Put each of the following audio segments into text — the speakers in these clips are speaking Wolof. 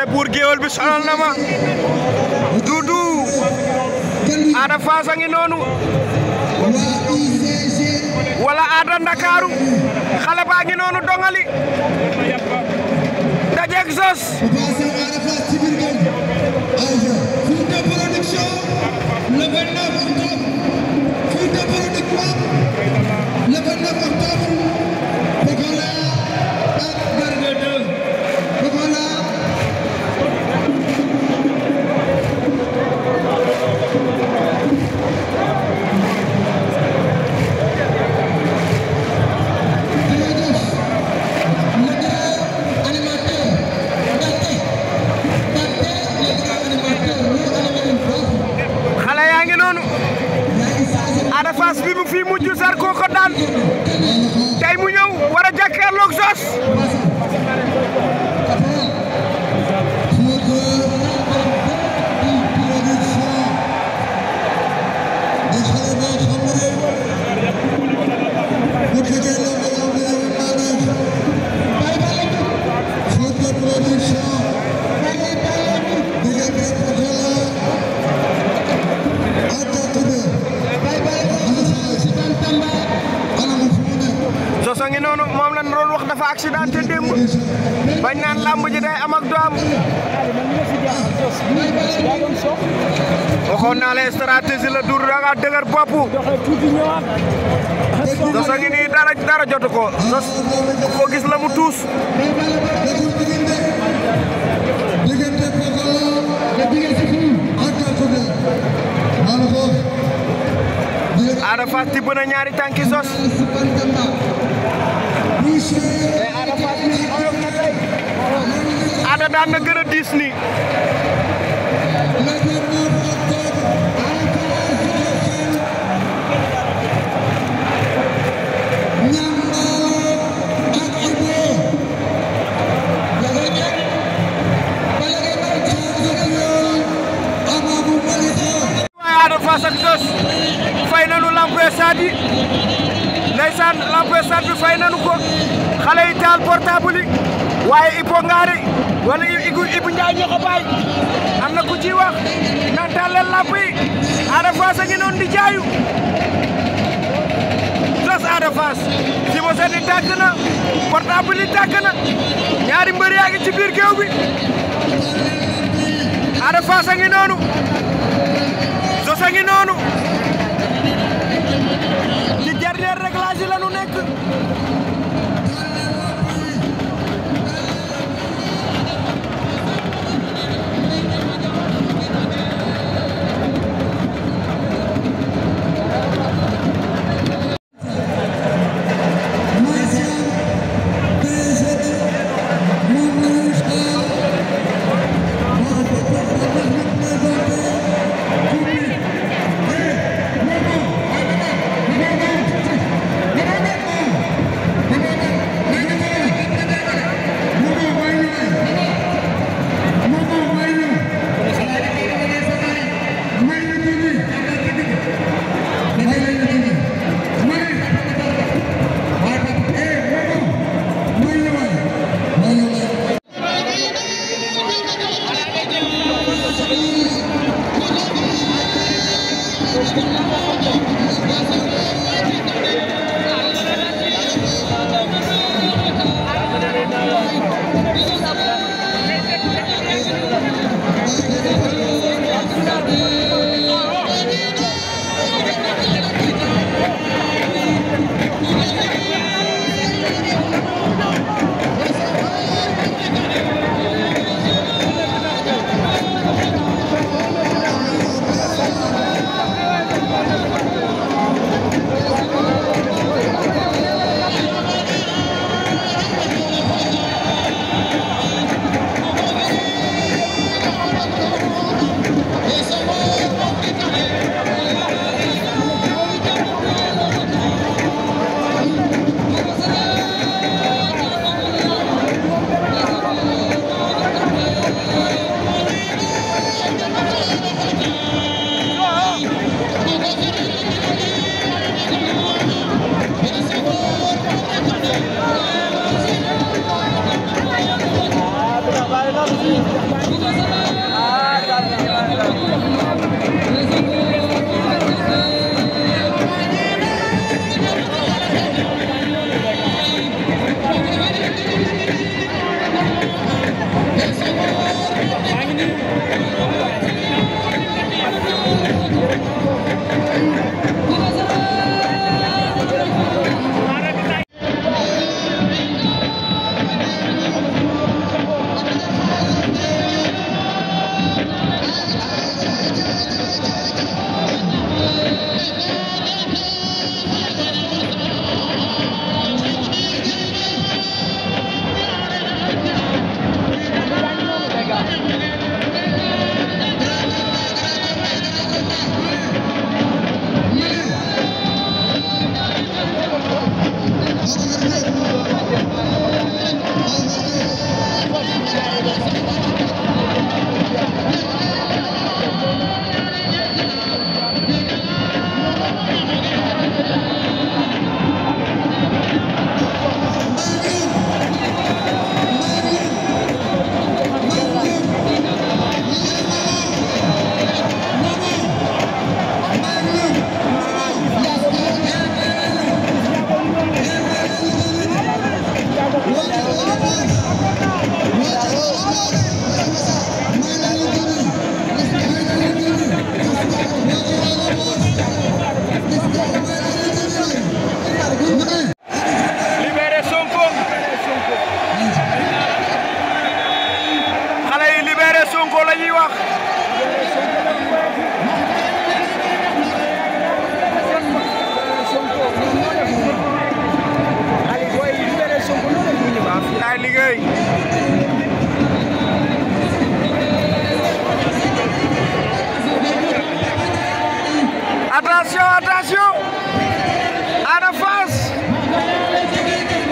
xale buur géwél bi sonal ngi noonu wala aada ndakaaru xale ngi noonu dongali dajeeg sos Sow ngi noonu moom lan roon wax dafa accidenté démb bañ naan làmb ji day am ak du am waxoon naa la stratégie la dur da nga dëgër bopp Zoss a ngi nii dara dara jotu ko Zoss ko gis la mu tuus Ada Fass tibb na ñaari tànki Zoss Ada daan na gën a diis nii stade bi fay nanu ko xale yi taal portable yi waaye Ibo Ngari wala Ibu Ibu Ndiaye ñoo ko bàyyi am na ku ciy wax naan taal leen làmp yi Ada Fass a ngi noonu di jaayu tas Ada Fass si ma seen i tàkk na portable yi tàkk na ñaari mbër yaa ngi ci biir géew bi Ada Fass a ngi noonu Zoss a ngi noonu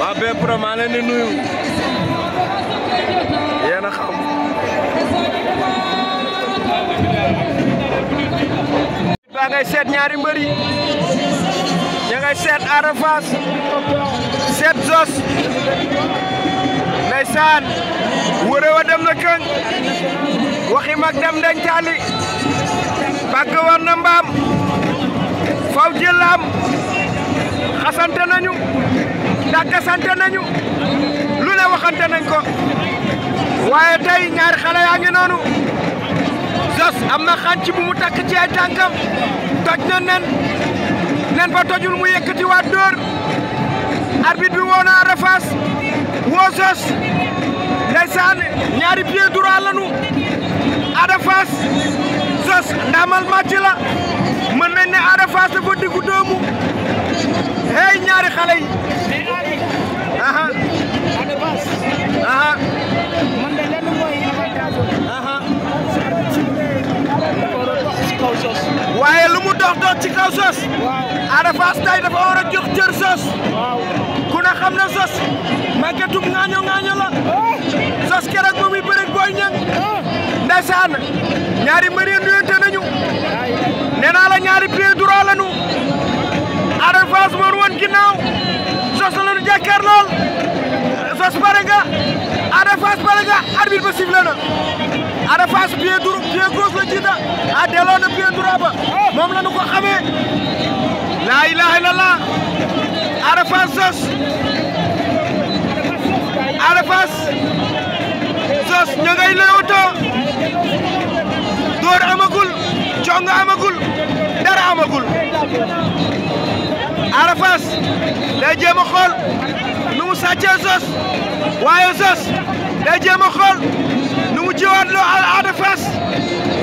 waa Bee Pro maa leen di nuyu yéen a xam. baa ngay seet ñaari mbër yi ña seet Ada Fass seet Zoss ndeysaan wërë wa dem na këng waxi mag dem dañ caali bàgg war na mbaam faw jëlaam asante nañu dàkkasante nañu lu ne waxante nañ ko waaye tey ñaari xale ngi noonu Zoss am na xànc mu takk ci ay tànkam nen nen ba tojul mu yëkkati waat dóor bi woo na Ada Fass woo Zoss ñaari pied droit lañu Ada Fass Zoss ndaamal mën nañ ne Ada Fass dafa diggu hey ñaari xale yi. aha aha de waaye lu mu dox dox ci kaw sos. Ada tay dafa war a jox cër sos. ku ne xam na sos. màggetum ŋaaño ŋaaño la. sos keroog moom i bëreeg booy ñang. ndeysaan ñaari mbër yi nañu. nee la ñaari pied droit lañu. Ada Fass woon ginnaaw Zoss la ñu lool Zoss pare nga Ada Fass pare ba sifflé na Ada Fass pied droit pied la jiita a delloo na pied moom la ko xamee laa ilaaha illallah Ada Fass Zoss Ada Fass Zoss ña ngay leewtoo door amagul conga amagul dara amagul Fass day jéem a nu mu sàccee Zoss waaye Zoss day jéem a nu mu jiwaat loo Ada Fass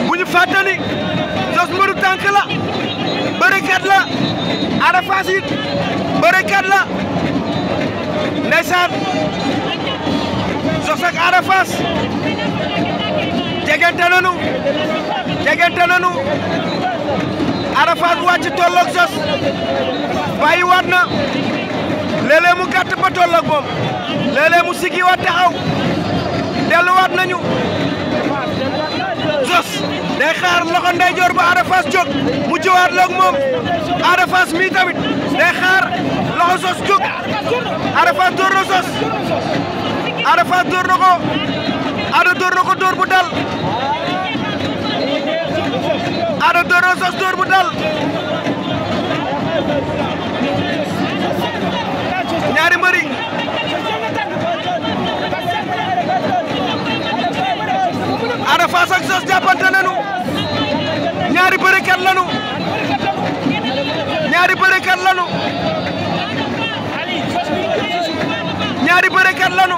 bu ñu fàttali Zoss mbëru tànk la bërekat la Ada Fass it bërekat la ndeysaan Zoss ak Ada Fass jegante nanu Arafat wàcc tolloog Zoss bàyyiwaat na léeg mu gàtt ba tolloog moom léeg-léeg mu siggiwaat taxaw delluwaat nañu Zoss day xaar loxo ndeyjoor ba Arafat jóg mu jëwaat loog moom Arafat mi tamit day xaar loxo Zoss jóg Arafat door na Zoss Arafat door na ko Ada door na ko door bu dal Ada Door na Zoss door bu dal ñaari mbëri Ada Fass ak Zoss jàppante nañu ñaari bërekat lañu ñaari bërekat lañu ñaari bërekat lañu